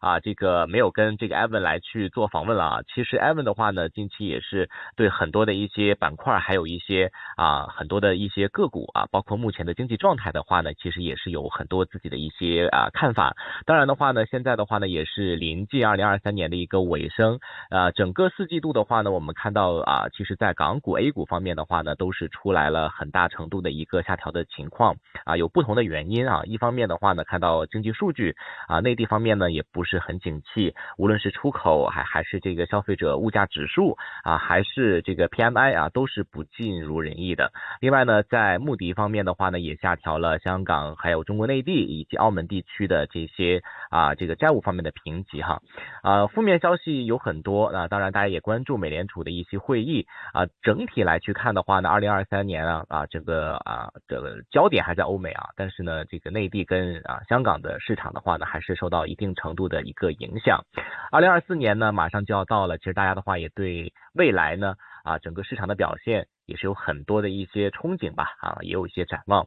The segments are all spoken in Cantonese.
啊，這個沒有跟這個 Evan 來去做訪問了啊，其實 Evan 的話呢，近期也是對很多的一些板塊，還有一些啊，很多的一些個股啊，包括目前的經濟狀態的話呢，其實也是有很多自己的一些啊看法。當然的話呢，現在的話呢，也是臨近二零二三年的一個尾聲，啊，整個四季度的話呢，我們看到啊，其實在港股、A 股方面的話呢，都是出來了很大程度的一個下調的情況，啊，有不同的原因啊。一方面的話呢，看到經濟數據，啊，內地方面呢，也不。是很景氣，無論是出口還還是這個消費者物價指數啊，還是這個 PMI 啊，都是不盡如人意的。另外呢，在穆迪方面的話呢，也下調了香港、還有中國內地以及澳門地區的這些啊這個債務方面的評級哈。呃、啊，負面消息有很多，啊，當然大家也關注美聯儲的一些會議啊。整體來去看的話呢，二零二三年啊啊這個啊這個焦點還在歐美啊，但是呢，這個內地跟啊香港的市場的話呢，還是受到一定程度的。一個影響，二零二四年呢，馬上就要到了。其實大家的話也對未來呢，啊，整個市場的表現也是有很多的一些憧憬吧，啊，也有一些展望。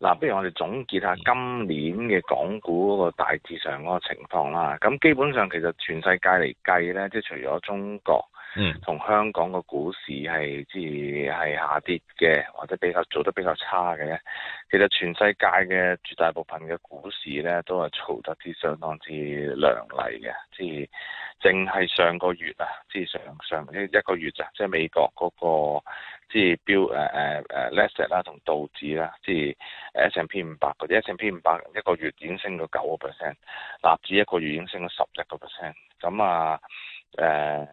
嗱，不如我哋總結下今年嘅港股嗰個大致上嗰個情況啦。咁基本上其實全世界嚟計咧，即係除咗中國，嗯，同香港個股市係即係係下跌嘅，或者比較做得比較差嘅咧，其實全世界嘅絕大部分嘅股市咧，都係做得之相當之良麗嘅，即係淨係上個月啊，即係上上一一個月咋，即係美國嗰、那個。即係標誒誒誒叻石啦，同道指啦，即係、uh, uh, uh, uh, uh, S and P 五百嗰啲，S and P 五百一個月已經升咗九個 percent，納指一個月已經升咗十一個 percent，咁啊誒。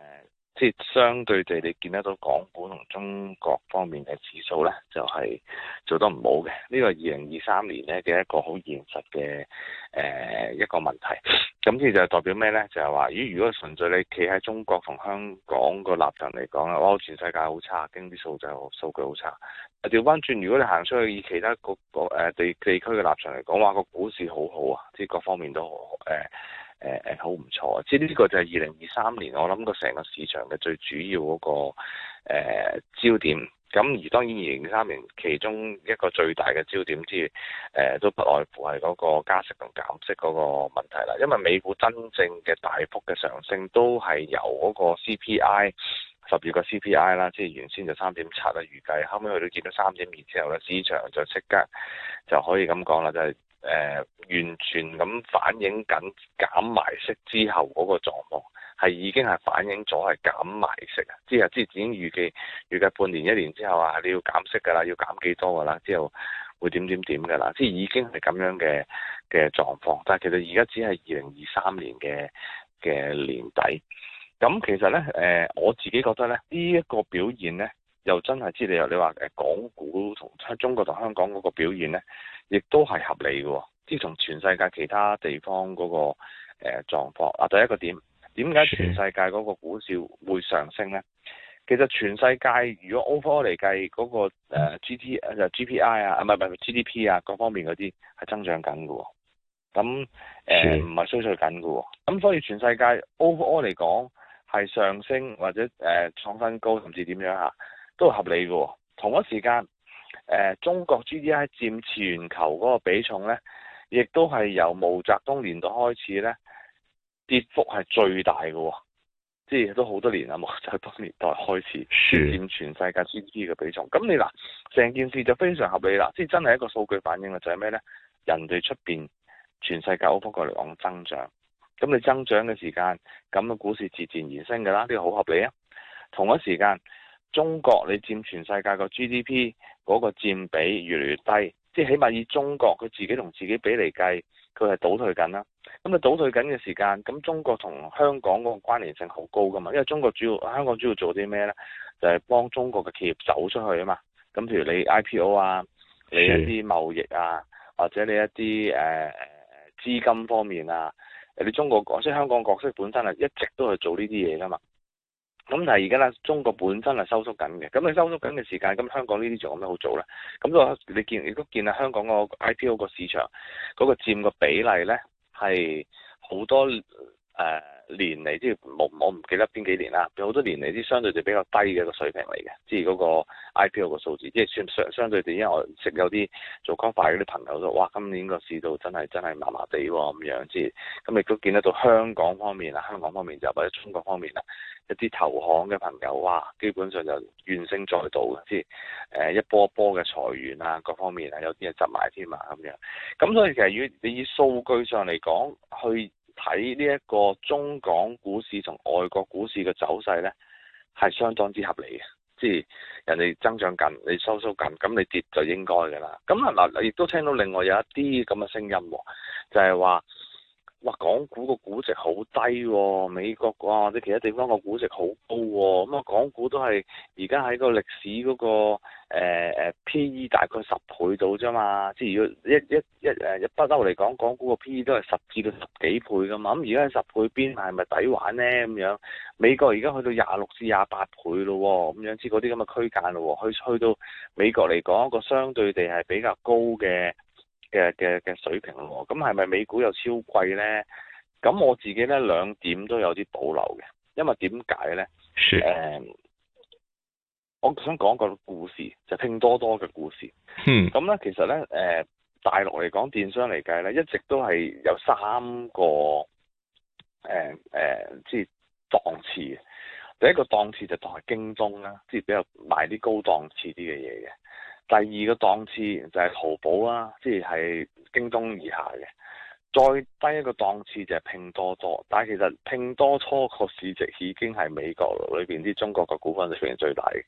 即係相對地，你見得到港股同中國方面嘅指數呢，就係、是、做得唔好嘅。呢個係二零二三年呢嘅一個好現實嘅誒、呃、一個問題。咁、嗯、呢就代表咩呢？就係、是、話，如果純粹你企喺中國同香港個立場嚟講啊，哇，全世界好差，經濟數就數據好差。調翻轉，如果你行出去以其他個個地地區嘅立場嚟講，話個股市好好啊，即係各方面都好好。呃誒誒，好唔錯啊！即係呢個就係二零二三年我諗個成個市場嘅最主要嗰個誒焦點。咁而當然，二零二三年其中一個最大嘅焦點之誒，都不外乎係嗰個加息同減息嗰個問題啦。因為美股真正嘅大幅嘅上升，都係由嗰個 CPI 十二個 CPI 啦，即係原先就三點七啦，預計後尾去到見到三點二之後咧，市場就即刻就可以咁講啦，就係。誒、呃、完全咁反映緊減埋息之後嗰個狀況，係已經係反映咗係減埋息啊！即係之前預計預計半年一年之後啊，你要減息㗎啦，要減幾多㗎啦，之後會點點點㗎啦，即係已經係咁樣嘅嘅狀況。但係其實而家只係二零二三年嘅嘅年底。咁其實咧，誒、呃、我自己覺得咧，呢、這、一個表現咧，又真係知你又你話誒港股同喺中國同香港嗰個表現咧，亦都係合理嘅、哦。即係同全世界其他地方嗰、那個誒狀況。啊，第一個點，點解全世界嗰個股市會上升咧？其實全世界如果 overall 嚟計嗰、那個、呃、GDP GPI 啊、唔係唔係 GDP 啊，各方面嗰啲係增長緊嘅、哦。咁誒唔係衰退緊嘅。咁所以全世界 overall 嚟講係上升或者誒、呃、創新高，甚至點樣啊？都合理嘅、哦，同一時間，誒、呃、中國 GDP 佔全球嗰個比重咧，亦都係由毛澤東年代開始咧，跌幅係最大嘅、哦，即係都好多年啊毛澤東年代開始佔全世界 GDP 嘅比重。咁是你嗱，成件事就非常合理啦，即係真係一個數據反映嘅就係咩咧？人哋出邊全世界歐方個嚟講增長，咁你增長嘅時間，咁嘅股市自然而升嘅啦，呢、這個好合理啊。同一時間，中國你佔全世界個 GDP 嗰個佔比越來越低，即係起碼以中國佢自己同自己比嚟計，佢係倒退緊啦。咁啊倒退緊嘅時間，咁中國同香港嗰個關聯性好高噶嘛？因為中國主要香港主要做啲咩呢？就係幫中國嘅企業走出去啊嘛。咁譬如你 IPO 啊，你一啲貿易啊，或者你一啲誒誒資金方面啊，你中國角色香港角色本身係一直都係做呢啲嘢噶嘛。咁但係而家啦，中國本身係收縮緊嘅，咁你收縮緊嘅時間，咁香港得呢啲仲有咩好做咧？咁個你見，如果見啊香港個 IPO 個市場嗰、嗰個佔個比例咧，係好多誒。呃年嚟即係冇，我唔記得邊幾年啦。有好多年嚟，啲相對就比較低嘅一個水平嚟嘅，即係嗰個 IPO 嗰個數字，即係相相相對地，因為我識有啲做光大嗰啲朋友都，哇！今年個市道真係真係麻麻地喎，咁樣，即係咁亦都見得到香港方面啊，香港方面就或者中國方面啊，一啲投行嘅朋友，哇！基本上就怨聲載道，即係誒一波一波嘅裁員啊，各方面啊，有啲嘢執埋添啊，咁樣。咁所以其實要你以數據上嚟講去。睇呢一個中港股市同外國股市嘅走勢呢，係相當之合理嘅，即係人哋增長緊，你收縮緊，咁你跌就應該㗎啦。咁啊嗱，亦都聽到另外有一啲咁嘅聲音，就係話。哇，港股個估值好低喎、哦，美國哇或者其他地方個估值好高喎、哦，咁啊港股都係而家喺個歷史嗰、那個誒、呃啊、P E 大概十倍到啫嘛，即係如果一一一誒不嬲嚟講，港股個 P E 都係十至到十幾倍噶嘛，咁而家十倍邊係咪抵玩咧咁樣？美國而家去到廿六至廿八倍咯、哦，咁樣知嗰啲咁嘅區間咯，去去到美國嚟講一個相對地係比較高嘅。嘅嘅嘅水平，咁係咪美股又超貴咧？咁我自己咧兩點都有啲保留嘅，因為點解咧？誒是、呃，我想講個故事，就拼、是、多多嘅故事。嗯。咁咧、嗯，其實咧，誒、呃、大陸嚟講，電商嚟計咧，一直都係有三個誒誒、呃呃，即係檔次。第一個檔次就當係京東啦，即係比較賣啲高檔次啲嘅嘢嘅。第二個檔次就係淘寶啦，即係京東以下嘅，再低一個檔次就係拼多多。但係其實拼多多個市值已經係美國裏邊啲中國嘅股份係非常最大嘅。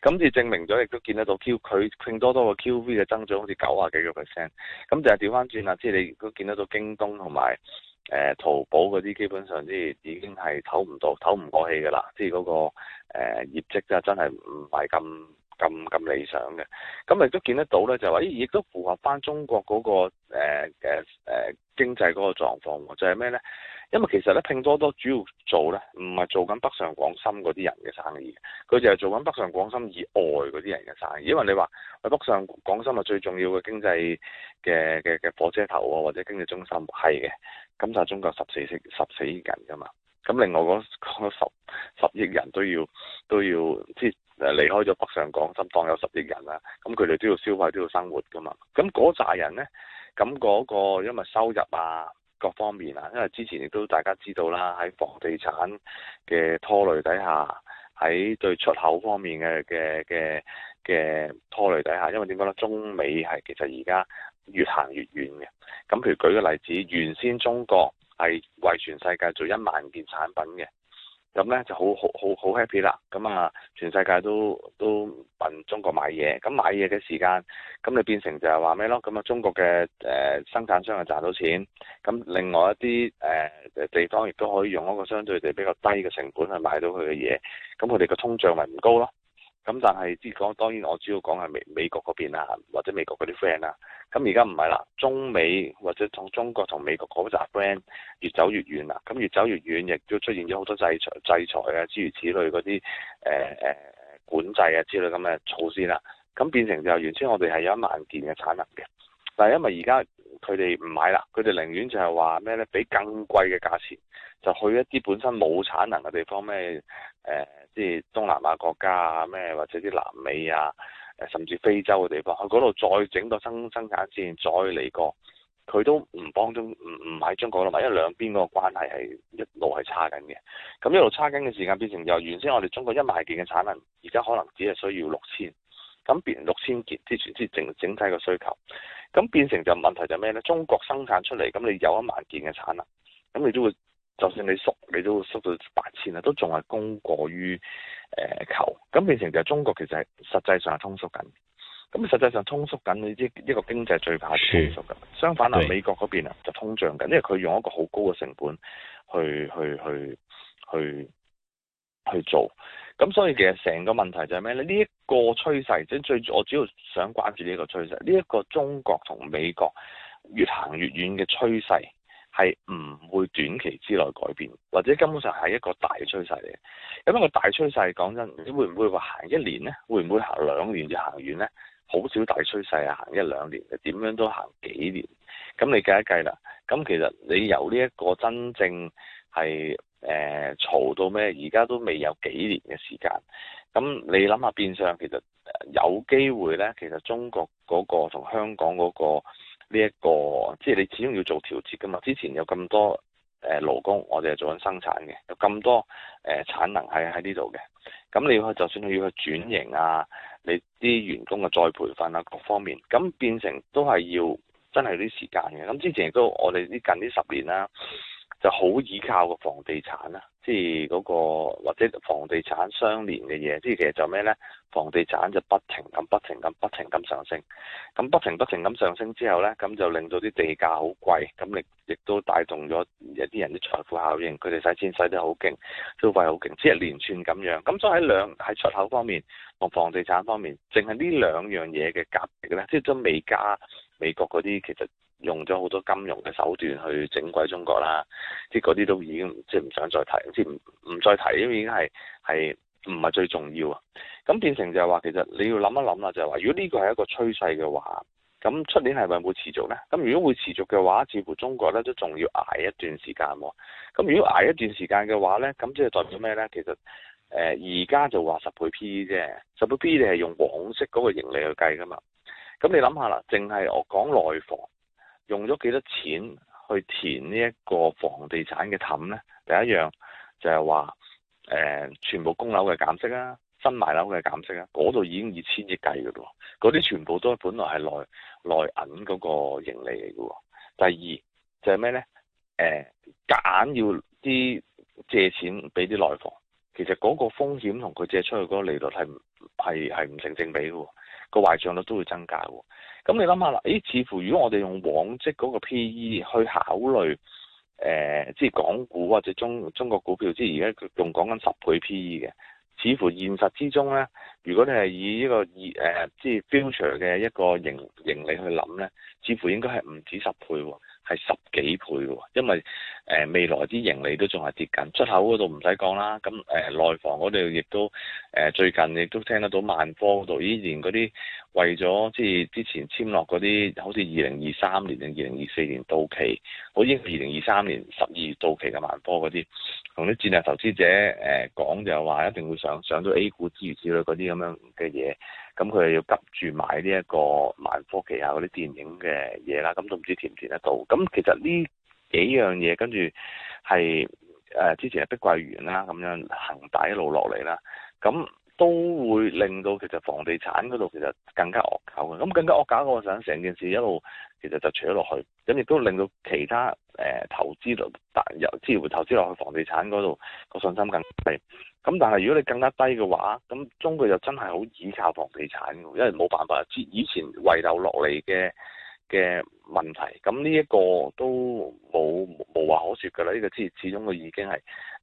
咁就證明咗，亦都見得到佢拼多多嘅 QV 嘅增長好似九啊幾個 percent。咁就係調翻轉啦，即係你都見得到京東同埋誒淘寶嗰啲，基本上即係已經係唞唔到唞唔過氣噶啦，即係嗰個誒、呃、業績真係真係唔係咁。咁咁理想嘅，咁、嗯、亦都見得到咧，就話咦，亦都符合翻中國嗰個誒誒誒經濟嗰個狀況喎，就係咩咧？因為其實咧，拼多多主要做咧，唔係做緊北上廣深嗰啲人嘅生意，佢就係做緊北上廣深以外嗰啲人嘅生意。因為你話北上廣深係最重要嘅經濟嘅嘅嘅火車頭啊，或者經濟中心，係嘅。咁就係中國十四億十四億人噶嘛。咁另外講十十億人都要都要即誒離開咗北上廣深，當有十億人啦，咁佢哋都要消費，都要生活噶嘛。咁嗰扎人呢？咁嗰個因為收入啊，各方面啊，因為之前亦都大家知道啦，喺房地產嘅拖累底下，喺對出口方面嘅嘅嘅嘅拖累底下，因為點講呢？中美係其實而家越行越遠嘅。咁譬如舉個例子，原先中國係為全世界做一萬件產品嘅。咁咧就好好好好 happy 啦，咁啊全世界都都問中國買嘢，咁買嘢嘅時間，咁你變成就係話咩咯？咁啊中國嘅誒、呃、生產商係賺到錢，咁另外一啲誒、呃、地方亦都可以用一個相對地比較低嘅成本去買到佢嘅嘢，咁佢哋個通脹咪唔高咯？咁但係，即係講當然我，我主要講係美美國嗰邊啦，或者美國嗰啲 friend 啦。咁而家唔係啦，中美或者從中國同美國嗰集 friend 越走越遠啦。咁越走越遠，亦都出現咗好多制裁、制裁啊，諸如此類嗰啲誒誒管制啊之類咁嘅措施啦。咁變成就是，原先我哋係有一萬件嘅產能嘅。但係，因為而家佢哋唔買啦，佢哋寧願就係話咩咧？俾更貴嘅價錢，就去一啲本身冇產能嘅地方咩？誒，即係東南亞國家啊，咩或者啲南美啊，誒甚至非洲嘅地方，去嗰度再整多生生產線，再嚟過，佢都唔幫中唔唔喺中國度買，因為兩邊嗰個關係係一路係差緊嘅。咁一路差緊嘅時間，變成由原先我哋中國一萬件嘅產能，而家可能只係需要六千咁，變六千件之全之整整體嘅需求。咁變成就問題就咩咧？中國生產出嚟咁，你有一萬件嘅產能，咁你都會，就算你縮，你都會縮到八千啊，都仲係供過於誒、呃、求。咁變成就中國其實係實際上係通縮緊。咁實際上通縮緊，你知一個經濟最怕通縮緊。相反啊，是美國嗰邊啊就通脹緊，因為佢用一個好高嘅成本去去去去去，去做。咁所以其實成個問題就係咩呢？呢一個趨勢，即係最我主要想關注呢一個趨勢，呢一個中國同美國越行越遠嘅趨勢，係唔會短期之內改變，或者根本上係一個大趨勢嚟。咁呢個大趨勢講真，你會唔會話行一年呢？會唔會行兩年就行遠呢？好少大趨勢係行一兩年嘅，點樣都行幾年。咁你計一計啦，咁其實你由呢一個真正係。誒嘈、呃、到咩？而家都未有幾年嘅時間，咁你諗下變相其實有機會呢？其實中國嗰個同香港嗰個呢、這、一個，即係你始終要做調節㗎嘛。之前有咁多誒、呃、勞工，我哋係做緊生產嘅，有咁多誒、呃、產能係喺呢度嘅。咁你要去，就算你要去轉型啊，你啲員工嘅再培訓啊，各方面咁變成都係要真係有啲時間嘅。咁之前亦都我哋啲近呢十年啦、啊。就好倚靠個房地產啦，即係嗰個或者房地產相連嘅嘢，即係其實就咩咧？房地產就不停咁、不停咁、不停咁上升，咁不停不停咁上升之後咧，咁就令到啲地價好貴，咁亦亦都帶動咗一啲人啲財富效應，佢哋使錢使得好勁，消費好勁，即係一連串咁樣。咁所以喺兩係出口方面同房地產方面，淨係呢兩樣嘢嘅夾嘅咧，即係都未加美國嗰啲其實。用咗好多金融嘅手段去整鬼中國啦，即係啲都已經即係唔想再提，即係唔唔再提，因為已經係係唔係最重要啊。咁變成就係話其實你要諗一諗啦，就係話如果呢個係一個趨勢嘅話，咁出年係咪會持續咧？咁如果會持續嘅話，似乎中國咧都仲要挨一段時間，啊。咁如果挨一段時間嘅話咧，咁即係代表咩咧？其實誒、呃、而家就話十倍 P 啫，十倍 P 你係用黃色嗰個盈利去計㗎嘛。咁你諗下啦，淨係我講內房。用咗幾多錢去填呢一個房地產嘅氹呢？第一樣就係話，誒、呃，全部供樓嘅減息啊，新買樓嘅減息啊，嗰度已經二千億計嘅咯。嗰啲全部都本來係內內銀嗰個盈利嚟嘅。第二就係、是、咩呢？誒、呃，夾硬要啲借錢俾啲內房，其實嗰個風險同佢借出去嗰個利率係係係唔成正比嘅，個壞帳率都會增加喎。咁你諗下啦，誒，似乎如果我哋用往績嗰個 P E 去考慮，誒、呃，即係港股或者中中國股票，即係而家佢仲講緊十倍 P E 嘅。似乎現實之中咧，如果你係以呢個以誒、呃，即係 future 嘅一個盈盈利去諗咧，似乎應該係唔止十倍喎。係十幾倍喎，因為誒、呃、未來啲盈利都仲係跌緊，出口嗰度唔使講啦，咁誒內房嗰度亦都誒、呃、最近亦都聽得到萬科嗰度，依然嗰啲為咗即係之前簽落嗰啲，好似二零二三年定二零二四年到期，好似二零二三年十二月到期嘅萬科嗰啲，同啲戰略投資者誒講、呃、就話一定會上上到 A 股之類之類嗰啲咁樣嘅嘢。咁佢又要急住買呢一個萬科旗下嗰啲電影嘅嘢啦，咁都唔知填唔填得到。咁其實呢幾樣嘢跟住係誒之前係碧桂園啦，咁樣恒大一路落嚟啦，咁。都會令到其實房地產嗰度其實更加惡搞嘅，咁更加惡搞嘅，我想，成成件事一路其實就除咗落去，咁亦都令到其他誒、呃、投資度入資會投資落去房地產嗰度個信心更低。咁但係如果你更加低嘅話，咁中國又真係好倚靠房地產，因為冇辦法，之以前遺留落嚟嘅嘅問題，咁呢一個都冇冇話可説㗎喇。呢、這個資業始終都已經係。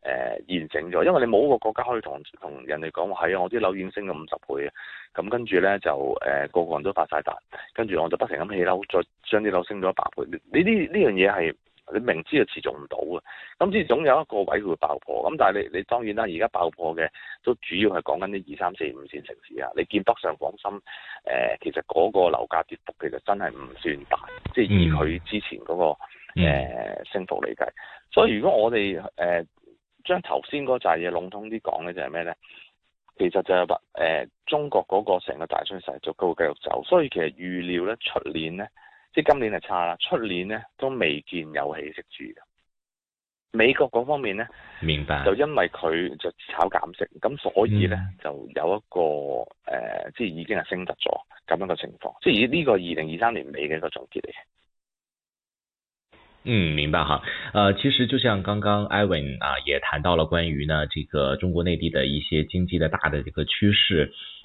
誒延整咗，因為你冇一個國家可以同同人哋講話，係、哎、啊，我啲樓已經升咗五十倍嘅，咁跟住咧就誒、呃、個個人都發晒達，跟住我就不停咁起樓，再將啲樓升咗一百倍。你呢呢樣嘢係你明知就持續唔到嘅，咁之總有一個位佢會爆破。咁但係你你當然啦，而家爆破嘅都主要係講緊啲二三四五線城市啊。你見北上廣深誒，其實嗰個樓價跌幅其實真係唔算大，即係以佢之前嗰、那個、呃、升幅嚟計。所以如果我哋誒，呃將頭先嗰扎嘢籠統啲講咧就係咩咧？其實就係話誒中國嗰個成個大趨勢就繼續走，所以其實預料咧出年咧即係今年係差啦，出年咧都未見有起色住嘅。美國嗰方面咧，明白就因為佢就炒減息，咁所以咧、嗯、就有一個誒、呃、即係已經係升得咗咁樣嘅情況，即係以呢個二零二三年尾嘅一個總結嚟嘅。嗯，明白哈。呃，其實就像剛剛艾文啊，也談到了關於呢，這個中國內地的一些經濟的大的這個趨勢。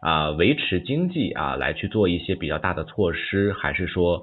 啊，維持經濟啊，來去做一些比較大的措施，還是說？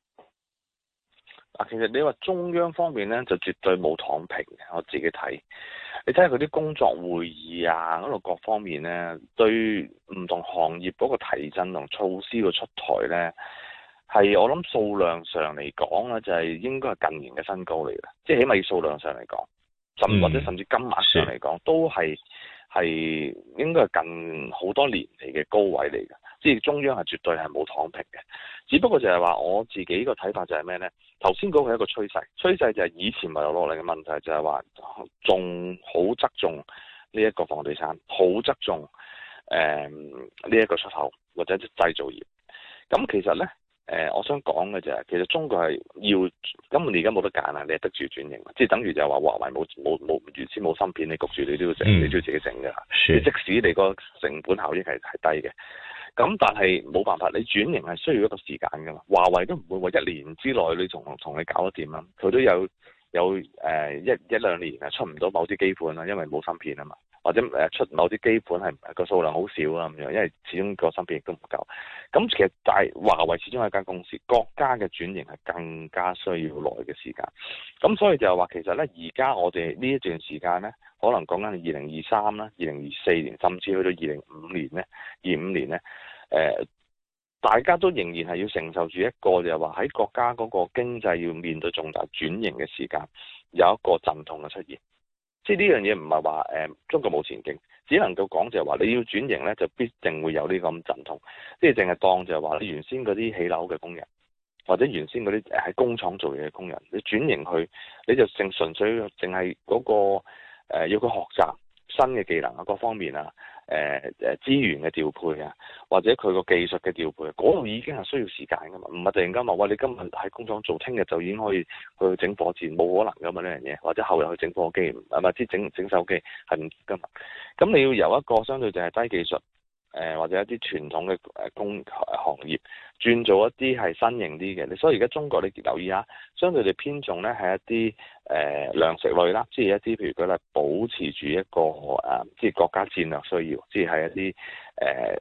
啊，其實你話中央方面咧，就絕對冇躺平嘅。我自己睇，你睇下佢啲工作會議啊，嗰度各方面咧，對唔同行業嗰個提振同措施嘅出台咧，係我諗數量上嚟講咧，就係應該係近年嘅新高嚟嘅，即係起碼要數量上嚟講，甚或者甚至金額上嚟講，都係係應該係近好多年嚟嘅高位嚟嘅。即係中央係絕對係冇躺平嘅，只不過就係話我自己個睇法就係咩呢？頭先講係一個趨勢，趨勢就係以前咪落嚟嘅問題就係話仲好側重呢一個房地產，好側重誒呢一個出口或者啲製造業。咁其實呢，誒、呃，我想講嘅就係、是、其實中國係要，咁你而家冇得揀啦，你係得住轉型，即係等於就係話華為冇冇冇原先冇芯片，你焗住你都要整，你都要自己整㗎。嗯嗯、即使你個成本效益係係低嘅。咁但係冇辦法，你轉型係需要一個時間噶嘛。華為都唔會話一年之內你同同你搞得掂啦。佢都有有誒、呃、一一兩年係出唔到某啲基本啦，因為冇芯片啊嘛。或者誒出某啲基本係個數量好少啊咁樣，因為始終個芯片亦都唔夠。咁其實但係華為始終係一間公司，國家嘅轉型係更加需要耐嘅時間。咁所以就係話，其實咧而家我哋呢一段時間咧，可能講緊二零二三啦、二零二四年，甚至去到二零五年咧、二五年咧，誒、呃，大家都仍然係要承受住一個就係話喺國家嗰個經濟要面對重大轉型嘅時間，有一個陣痛嘅出現。即係呢樣嘢唔係話誒中國冇前景，只能夠講就係話你要轉型咧，就必定會有呢個咁陣痛。即係淨係當就係話你原先嗰啲起樓嘅工人，或者原先嗰啲誒喺工廠做嘢嘅工人，你轉型去，你就淨純粹淨係嗰個、呃、要佢學習新嘅技能啊，各方面啊。誒誒、呃、資源嘅調配啊，或者佢個技術嘅調配，嗰度已經係需要時間㗎嘛，唔係突然間話，喂，你今日喺工廠做，聽日就已經可以去整火箭，冇可能㗎嘛呢樣嘢，或者後日去整火機，唔係即係整整手機，係唔得嘅。咁你要由一個相對就係低技術。誒，或者一啲傳統嘅誒工業行業，轉做一啲係新型啲嘅。你所以而家中國，你留意下，相對地偏重咧，係一啲誒糧食類啦，即係一啲譬如佢咧，保持住一個誒，即、呃、係國家戰略需要，即係喺一啲誒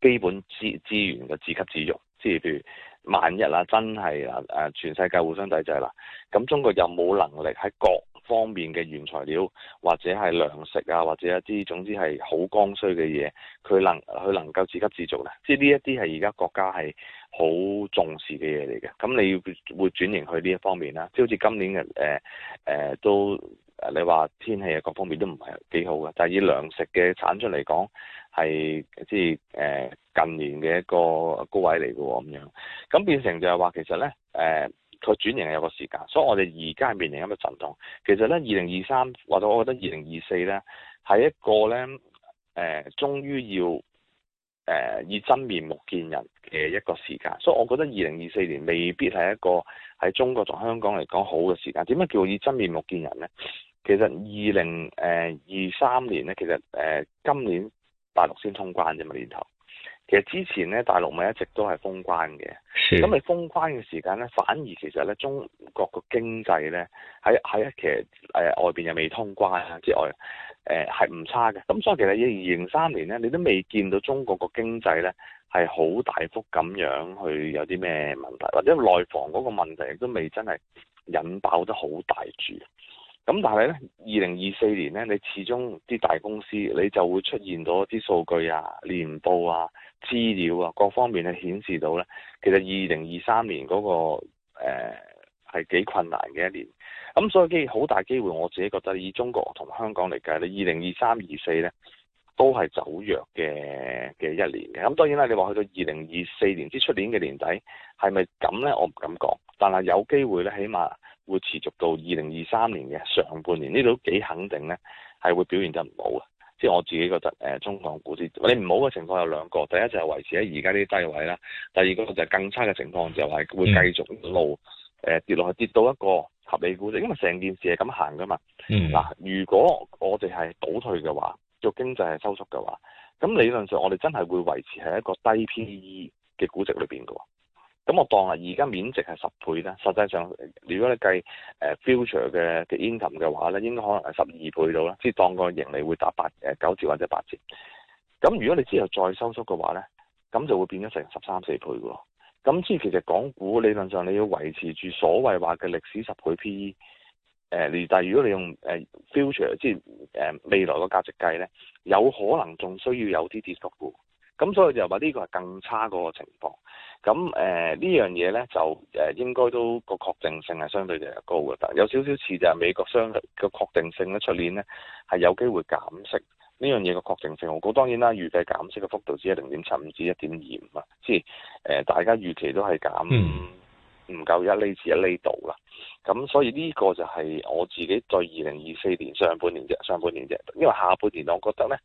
誒基本資資源嘅自給自用。即係譬如萬一啦，真係啊誒，全世界互相抵制啦，咁中國又冇能力喺國方面嘅原材料或者係糧食啊，或者一啲總之係好剛需嘅嘢，佢能佢能夠自給自足咧？即係呢一啲係而家國家係好重視嘅嘢嚟嘅。咁你要會轉型去呢一方面啦。即係好似今年嘅誒誒都誒，你話天氣啊各方面都唔係幾好嘅，但係以糧食嘅產出嚟講係即係誒、呃、近年嘅一個高位嚟嘅喎，咁樣。咁變成就係話其實咧誒。呃佢轉型係有個時間，所以我哋而家係面臨一個陣痛。其實咧，二零二三或者我覺得二零二四咧，係一個咧，誒、呃，終於要誒、呃、以真面目見人嘅一個時間。所以，我覺得二零二四年未必係一個喺中國同香港嚟講好嘅時間。點解叫以真面目見人咧？其實二零誒二三年咧，其實誒、呃、今年大陸先通關啫嘛，年頭。其實之前咧，大陸咪一直都係封關嘅，咁的你封關嘅時間咧，反而其實咧，中國個經濟咧喺喺其實誒外邊又未通關之外，誒係唔差嘅。咁所以其實二零零三年咧，你都未見到中國個經濟咧係好大幅咁樣去有啲咩問題，或者內房嗰個問題亦都未真係引爆得好大住。咁但係咧，二零二四年咧，你始終啲大公司你就會出現到一啲數據啊、年報啊。資料啊，各方面咧顯示到咧，其實二零二三年嗰、那個誒係幾困難嘅一年。咁所以機好大機會，我自己覺得以中國同香港嚟計咧，二零二三、二四咧都係走弱嘅嘅一年嘅。咁當然啦，你話去到二零二四年至出年嘅年底係咪咁咧，我唔敢講。但係有機會咧，起碼會持續到二零二三年嘅上半年，呢度都幾肯定咧，係會表現得唔好嘅。即係我自己覺得，誒、呃、中港股市你唔好嘅情況有兩個，第一就係維持喺而家呢啲低位啦，第二個就係更差嘅情況就係會繼續路誒、嗯呃、跌落去，跌到一個合理估值，因為成件事係咁行噶嘛。嗱、嗯啊，如果我哋係倒退嘅話，個經濟係收縮嘅話，咁理論上我哋真係會維持喺一個低 PE 嘅估值裏邊嘅喎。咁我當係而家面值係十倍啦，實際上如果你計誒 future 嘅嘅 income 嘅話咧，應該可能係十二倍到啦，即係當個盈利會打八誒九折或者八折。咁如果你之後再收縮嘅話咧，咁就會變咗成十三四倍喎。咁即係其實港股理論上你要維持住所謂話嘅歷史十倍 PE，誒、呃，但係如果你用誒 future 即係誒未來個價值計咧，有可能仲需要有啲跌縮嘅。咁、嗯、所以就話呢個係更差嗰個情況。咁、嗯、誒、呃、呢樣嘢咧就誒、呃、應該都個確定性係相對嚟講高嘅，但有少少似就係美國商個確定性咧出年咧係有機會減息。呢樣嘢個確定性好高，當然啦，預計減息嘅幅度只係零點七五至一點二五啊，即係誒大家預期都係減唔夠一厘至一厘度啦。咁、嗯啊、所以呢個就係我自己對二零二四年上半年啫，上半年啫，因為下半年我覺得咧。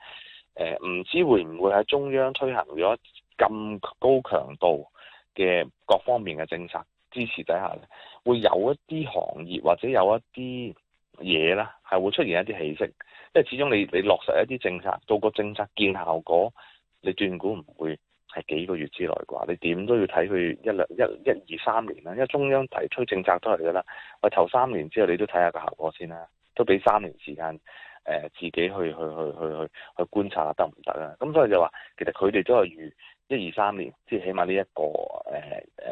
誒唔知會唔會喺中央推行咗咁高強度嘅各方面嘅政策支持底下呢，會有一啲行業或者有一啲嘢啦，係會出現一啲起色。因為始終你你落實一啲政策，到個政策見效果，你斷估唔會係幾個月之內啩？你點都要睇佢一兩一一,一二三年啦。因為中央提出政策都係噶啦，我頭三年之後你都睇下個效果先啦，都俾三年時間。誒、呃、自己去去去去去去觀察下得唔得啦。咁、啊、所以就話其實佢哋都係預一二三年，即係起碼呢一個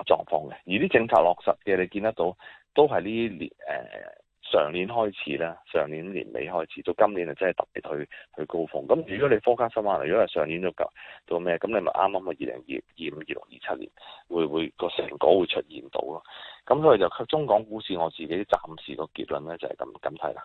誒誒狀況嘅。而啲政策落實嘅，你見得到都係呢年誒、呃、上年開始啦，上年年尾開始到今年就真係特別去去高峰。咁如果你科家新話，如果係上年都夠做咩咁，你咪啱啱啊二零二二五、二六、二七年會會個成果會出現到咯。咁所以就中港股市，我自己暫時個結論咧就係咁咁睇啦。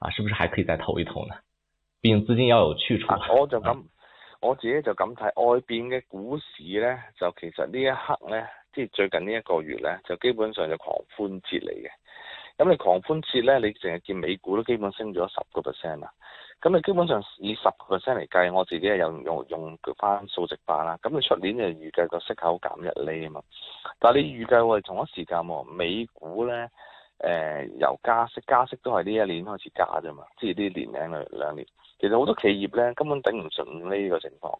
啊，是不是還可以再投一投呢？畢竟資金要有去處，啊。我就咁，嗯、我自己就咁睇外邊嘅股市呢。就其實呢一刻呢，即係最近呢一個月呢，就基本上就狂歡節嚟嘅。咁你狂歡節呢，你淨係見美股都基本升咗十個 percent 啦。咁你基本上以十個 percent 嚟計，我自己係有用用翻數值化啦。咁你出年就預計個息口減一厘啊嘛。但係你預計我哋同一時間喎，美股呢。誒、呃，由加息，加息都係呢一年開始加啫嘛，即係呢年零兩年。其實好多企業咧根本頂唔順呢個情況，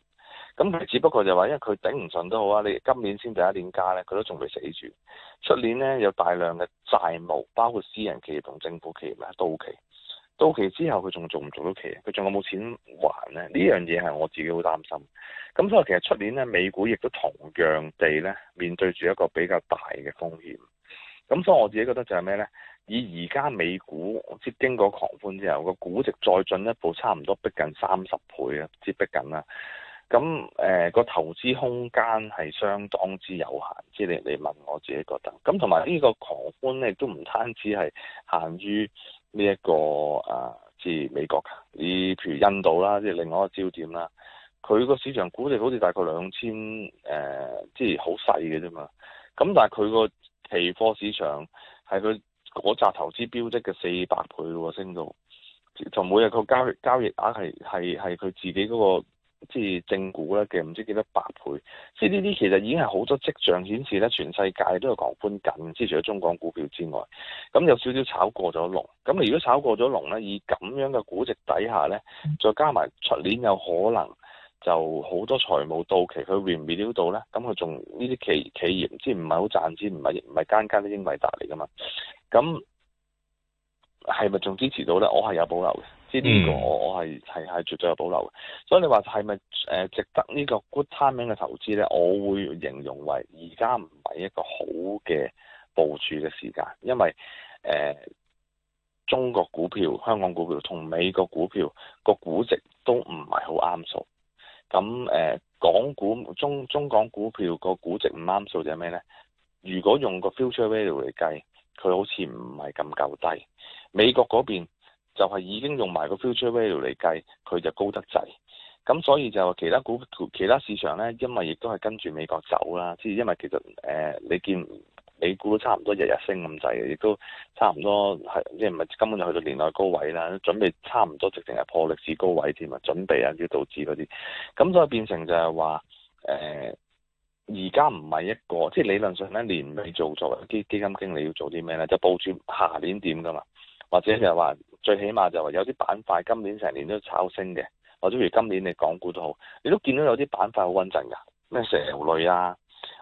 咁佢只不過就話，因為佢頂唔順都好啊，你今年先第一年加咧，佢都仲未死住。出年咧有大量嘅債務，包括私人企業同政府企業咧到期，到期之後佢仲做唔做到期？佢仲有冇錢還咧？呢樣嘢係我自己好擔心。咁所以其實出年咧，美股亦都同樣地咧，面對住一個比較大嘅風險。咁所以我自己覺得就係咩咧？以而家美股即經過狂歡之後，個估值再進一步，差唔多逼近三十倍啊，即逼近啦。咁誒個投資空間係相當之有限，即係你你問我自己覺得。咁同埋呢個狂歡咧，亦都唔單止係限於呢、這、一個誒，即、啊、係美國㗎。以譬如印度啦，即係另外一個焦點啦。佢個市場估值好似大概兩千誒，即係好細嘅啫嘛。咁但係佢個。期貨市場係佢嗰扎投資標的嘅四百倍咯，升到，同每日個交易交易額係係係佢自己嗰個即係正股咧嘅唔知幾多百倍，即係呢啲其實已經係好多跡象顯示咧，全世界都有狂歡緊，即係除咗中港股票之外，咁有少少炒過咗龍，咁如果炒過咗龍咧，以咁樣嘅估值底下咧，再加埋出年有可能。就好多財務到期，佢會唔會 renew 到咧，咁佢仲呢啲企企業，即係唔係好賺錢，唔係唔係間間都英偉達嚟噶嘛？咁係咪仲支持到咧？我係有保留嘅，即係呢個我我係係係絕對有保留嘅。所以你話係咪誒值得呢個 good timing 嘅投資咧？我會形容為而家唔係一個好嘅部署嘅時間，因為誒、呃、中國股票、香港股票同美國股票個估值都唔係好啱數。咁誒、呃，港股中中港股票個估值唔啱數，就係咩咧？如果用個 future value 嚟計，佢好似唔係咁夠低。美國嗰邊就係已經用埋個 future value 嚟計，佢就高得滯。咁所以就其他股其他市場咧，因為亦都係跟住美國走啦，即係因為其實誒、呃，你見。美股都差唔多日日升咁滯嘅，亦都差唔多係，即係唔係根本就去到年內高位啦，準備差唔多直情係破歷史高位添啊，準備啊，要導致嗰啲，咁所以變成就係話，誒、呃，而家唔係一個，即係理論上咧，年尾做作為基基金經理要做啲咩咧，就部署下年點噶嘛，或者就係話，最起碼就係話有啲板塊今年成年都炒升嘅，或者譬如今年你港股都好，你都見到有啲板塊好穩陣㗎，咩蛇類啊？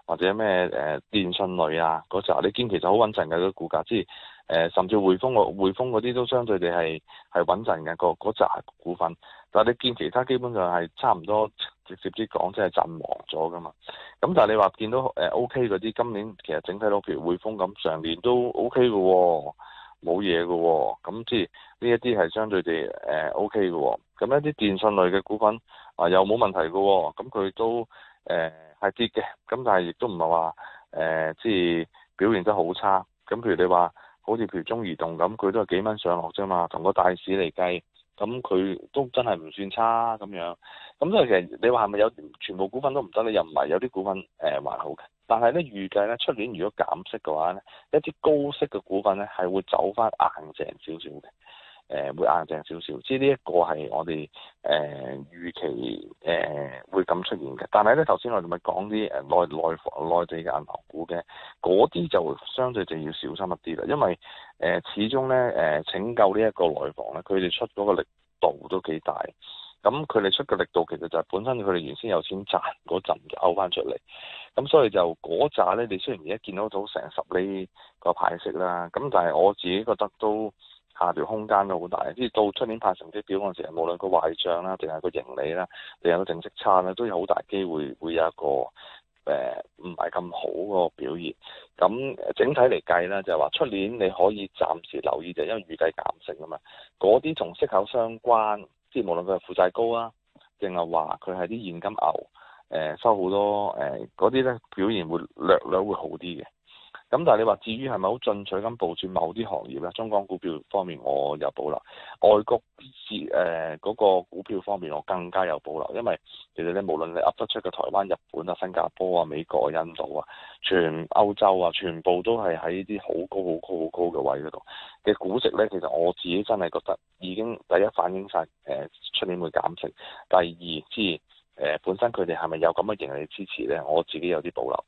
或者咩誒、呃、電信類啊嗰扎，你見其實好穩陣嘅嗰個股價，即係誒甚至匯豐個匯豐嗰啲都相對地係係穩陣嘅個嗰扎股份。但係你見其他基本上係差唔多直接啲講，即、就、係、是、陣亡咗噶嘛。咁但係你話見到誒 O K 嗰啲，今年其實整體攞譬如匯豐咁，上年都 O K 嘅喎，冇嘢嘅喎。咁即係呢一啲係相對地誒 O K 嘅喎。咁、呃 OK 哦、一啲電信類嘅股份啊、呃、又冇問題嘅喎、哦。咁佢都誒。呃啲嘅，咁但係亦都唔係話誒，即係表現得好差。咁譬如你話，好似譬如中移動咁，佢都係幾蚊上落啫嘛，同個大市嚟計，咁佢都真係唔算差咁樣。咁即係其實你話係咪有全部股份都唔得咧？又唔係有啲股份誒還好嘅。但係咧預計咧，出年如果減息嘅話咧，一啲高息嘅股份咧係會走翻硬淨少少嘅。誒、這個呃呃，會硬淨少少，即係呢一個係我哋誒預期誒會咁出現嘅。但係咧，頭先我哋咪講啲誒內內房內地嘅銀行股嘅，嗰啲就相對就要小心一啲啦。因為誒、呃、始終咧誒、呃、拯救呢一個內房咧，佢哋出嗰個力度都幾大。咁佢哋出嘅力度，其實就係本身佢哋原先有錢賺嗰陣就勾翻出嚟。咁所以就嗰扎咧，你雖然而家見到到成十厘個派息啦，咁但係我自己覺得都。下調空間都好大，即係到出年派成績表嗰陣時候，無論個壞賬啦，定係個盈利啦，定係個淨息差咧，都有好大機會會有一個誒唔係咁好嗰個表現。咁、嗯、整體嚟計咧，就係話出年你可以暫時留意，就係因為預計減息啊嘛。嗰啲同息口相關，即係無論佢係負債高啊，定係話佢係啲現金牛誒、呃、收好多誒，嗰啲咧表現會略略會好啲嘅。咁但係你話至於係咪好進取咁部署某啲行業咧？中港股票方面我有保留，外國市誒嗰個股票方面我更加有保留，因為其實咧無論你噏得出嘅台灣、日本啊、新加坡啊、美國啊、印度啊、全歐洲啊，全部都係喺啲好高、很高、很高、很高、好高、好高嘅位嗰度嘅估值咧。其實我自己真係覺得已經第一反映晒誒出年會減息，第二之誒、呃、本身佢哋係咪有咁嘅盈利支持咧？我自己有啲保留。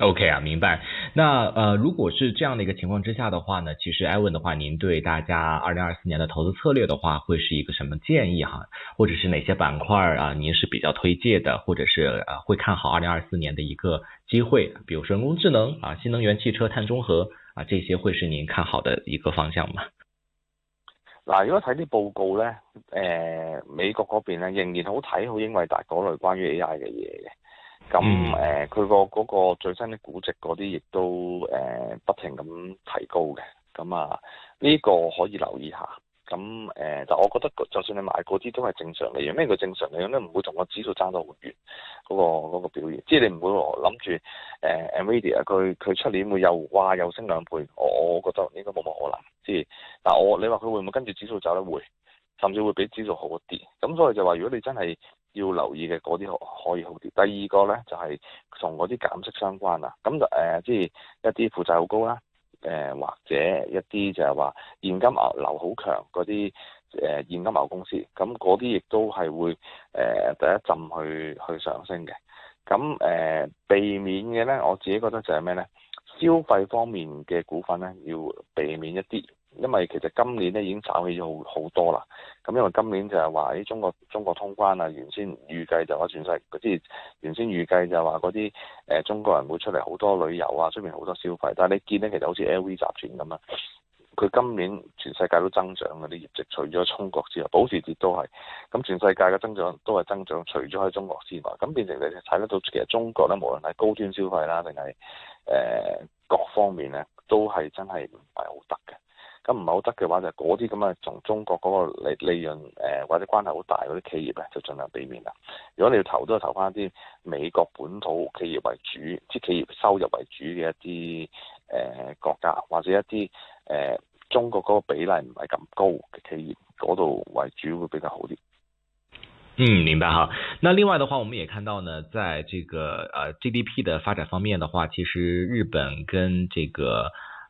O K 啊，okay, 明白。那，呃，如果是這樣的一個情況之下的話呢，其實艾文 a n 的話，您對大家二零二四年的投資策略的話，會是一個什麼建議哈、啊？或者是哪些板塊啊、呃，您是比較推薦的，或者是呃，會看好二零二四年的一個機會？比如說人工智能啊、呃，新能源汽車、碳中和啊、呃，這些會是您看好的一個方向嗎？嗱，如果睇啲報告咧，誒、呃，美國嗰邊咧仍然好睇好英偉達嗰類關於 A I 嘅嘢嘅。咁誒，佢個嗰個最新嘅估值嗰啲，亦都誒不停咁提高嘅。咁啊，呢個可以留意下。咁誒、啊，但我覺得，就算你買嗰啲，都係正常嚟嘅。咩叫正常嚟嘅咧？唔會同個指數爭到好遠嗰個、嗰個表現。即係你唔會諗住誒 Nvidia 佢佢出年會又哇，又升兩倍。我覺得應該冇乜可能。即係，但我你話佢會唔會跟住指數走咧，會，甚至會比指數好一啲？咁所以就話，如果你真係，要留意嘅嗰啲可以好啲。第二個呢，就係同嗰啲減息相關啊，咁就誒即係一啲負債好高啦，誒、呃、或者一啲就係話現金流流好強嗰啲誒現金流公司，咁嗰啲亦都係會誒、呃、第一浸去去上升嘅。咁誒、呃、避免嘅呢，我自己覺得就係咩呢？消費方面嘅股份呢，要避免一啲。因為其實今年咧已經炒起咗好多啦，咁因為今年就係話啲中國中國通關啊，原先預計就話全世界嗰啲原先預計就話嗰啲誒中國人會出嚟好多旅遊啊，出面好多消費，但係你見咧，其實好似 LV 集團咁啊，佢今年全世界都增長嗰啲業績，除咗中國之外，保時捷都係，咁全世界嘅增長都係增長，除咗喺中國之外，咁變成你睇得到，其實中國咧無論係高端消費啦，定係誒各方面咧，都係真係唔係好得嘅。咁唔係好得嘅話，就嗰啲咁啊，同中國嗰個利利潤誒或者關係好大嗰啲企業咧，就盡量避免啦。如果你要投都係投翻啲美國本土企業為主，即係企業收入為主嘅一啲誒國家，或者一啲誒中國嗰個比例唔係咁高嘅企業嗰度為主，會比較好啲。嗯，明白哈。那另外的話，我們也看到呢，在這個誒 GDP 嘅發展方面嘅話，其實日本跟這個。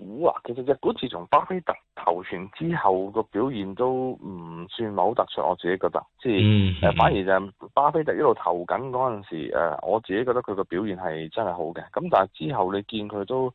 股啊，其實隻股自從巴菲特投完之後個表現都唔算係好突出，我自己覺得，即係誒反而就巴菲特一路投緊嗰陣時我自己覺得佢個表現係真係好嘅。咁但係之後你見佢都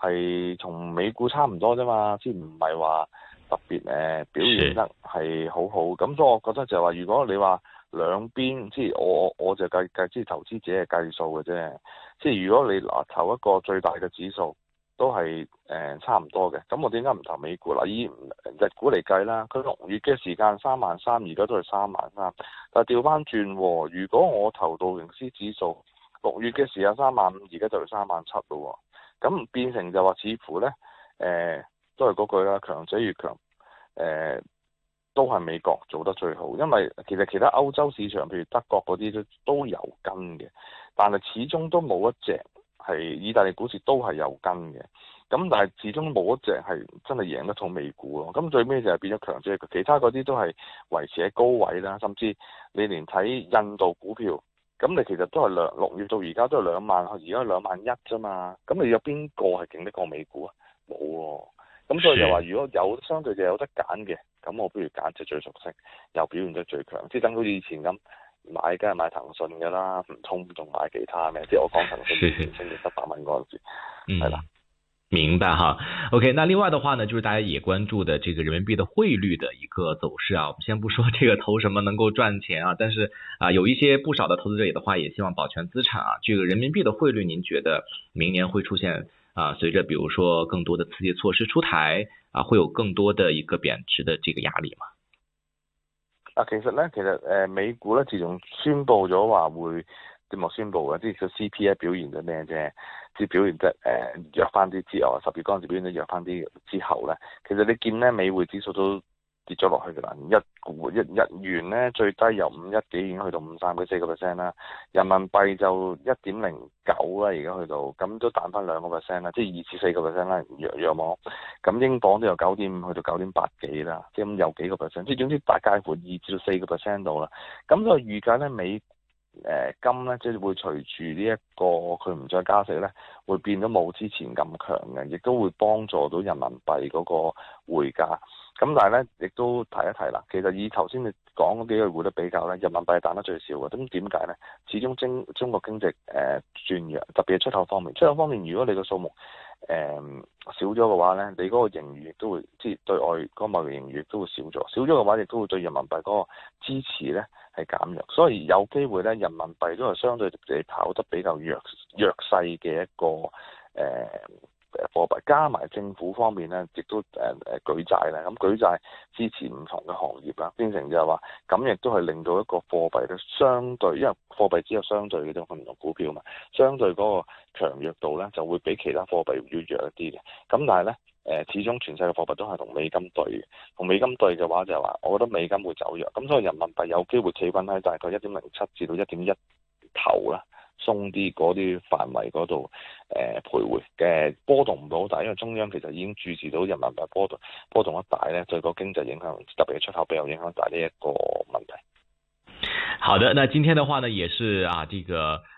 係同美股差唔多啫嘛，即係唔係話特別誒表現得係好好。咁、嗯、所以我覺得就係話，如果你話兩邊即係我我就計計即係投資者嘅計數嘅啫，即係如果你嗱投一個最大嘅指數。都係誒、呃、差唔多嘅，咁我點解唔投美股啦？以、呃、日股嚟計啦，佢六月嘅時間三萬三，而家都係三萬三。但係掉返轉，如果我投道瓊斯指數，六月嘅時間三萬五，哦，而家就係三萬七咯。咁變成就話似乎呢誒、呃、都係嗰句啦，強者越強，誒、呃、都係美國做得最好。因為其實其他歐洲市場，譬如德國嗰啲都都有跟嘅，但係始終都冇一隻。係意大利股市都係有跟嘅，咁但係始終冇一隻係真係贏得到美股咯。咁最尾就係變咗強者嘅，其他嗰啲都係維持喺高位啦。甚至你連睇印度股票，咁你其實都係兩六月到而家都係兩萬，萬而家兩萬一啫嘛。咁你有邊個係勁得過美股啊？冇喎。咁所以就話如果有相對就有得揀嘅，咁我不如揀隻最熟悉又表現得最強，即係等好似以前咁。買梗係買騰訊噶啦，唔通仲買其他咩？即係我講騰訊，騰訊跌八百蚊嗰陣時，嗯、係啦。明白哈。OK，那另外的話呢，就是大家也關注的這個人民幣的匯率的一個走勢啊。我們先不說這個投什麼能夠賺錢啊，但是啊，有一些不少的投資者也的話也希望保全資產啊。這個人民幣的匯率，您覺得明年會出現啊？隨着，比如說更多的刺激措施出台啊，會有更多的一個貶值的這個壓力嗎？啊，其實咧，其實誒、呃，美股咧自從宣布咗話會節目宣布嘅，即係個 CPI 表現咗咩啫？即表現得誒弱翻啲之後，十月嗰陣時表現得弱翻啲之後咧，其實你見咧美匯指數都跌咗落去㗎啦，日股日日元咧最低由五一幾已經去到五三幾四個 percent 啦，人民幣就一點零九啦，而家去到咁都彈翻兩個 percent 啦，即係二至四個 percent 啦，弱弱咁。咁英鎊都有九點五去到九點八幾啦，即係咁有幾個 percent，即係總之大概乎二至四個 percent 度啦。咁就預計咧美誒金咧即係會隨住呢一個佢唔再加息咧，會變咗冇之前咁強嘅，亦都會幫助到人民幣嗰個匯價。咁但係咧，亦都提一提啦。其實以頭先你講嗰幾類匯率比較咧，人民幣彈得最少嘅。咁點解咧？始終中中國經濟誒轉弱，特別係出口方面。出口方面，如果你個數目誒、呃、少咗嘅話咧，你嗰個盈餘亦都會即係對外嗰個貿易盈餘都會少咗。少咗嘅話，亦都會對人民幣嗰個支持咧係減弱。所以有機會咧，人民幣都係相對地跑得比較弱弱勢嘅一個誒。呃誒貨幣加埋政府方面咧，亦都誒誒、呃呃、舉債咧，咁舉債支持唔同嘅行業啦，變成就係話，咁亦都係令到一個貨幣嘅相對，因為貨幣只有相對嘅啫，唔同股票啊嘛，相對嗰個強弱度咧，就會比其他貨幣要弱一啲嘅。咁但係咧，誒、呃、始終全世界貨幣都係同美金對嘅，同美金對嘅話就係話，我覺得美金會走弱，咁所以人民幣有機會企穩喺大概一點零七至到一點一頭啦。鬆啲嗰啲範圍嗰度，誒徘徊嘅波動唔到好大，因為中央其實已經注視到人民幣波動波動一大咧，對個經濟影響特別係出口比較影響大呢一個問題。好的，那今天的話呢，也是啊，這個。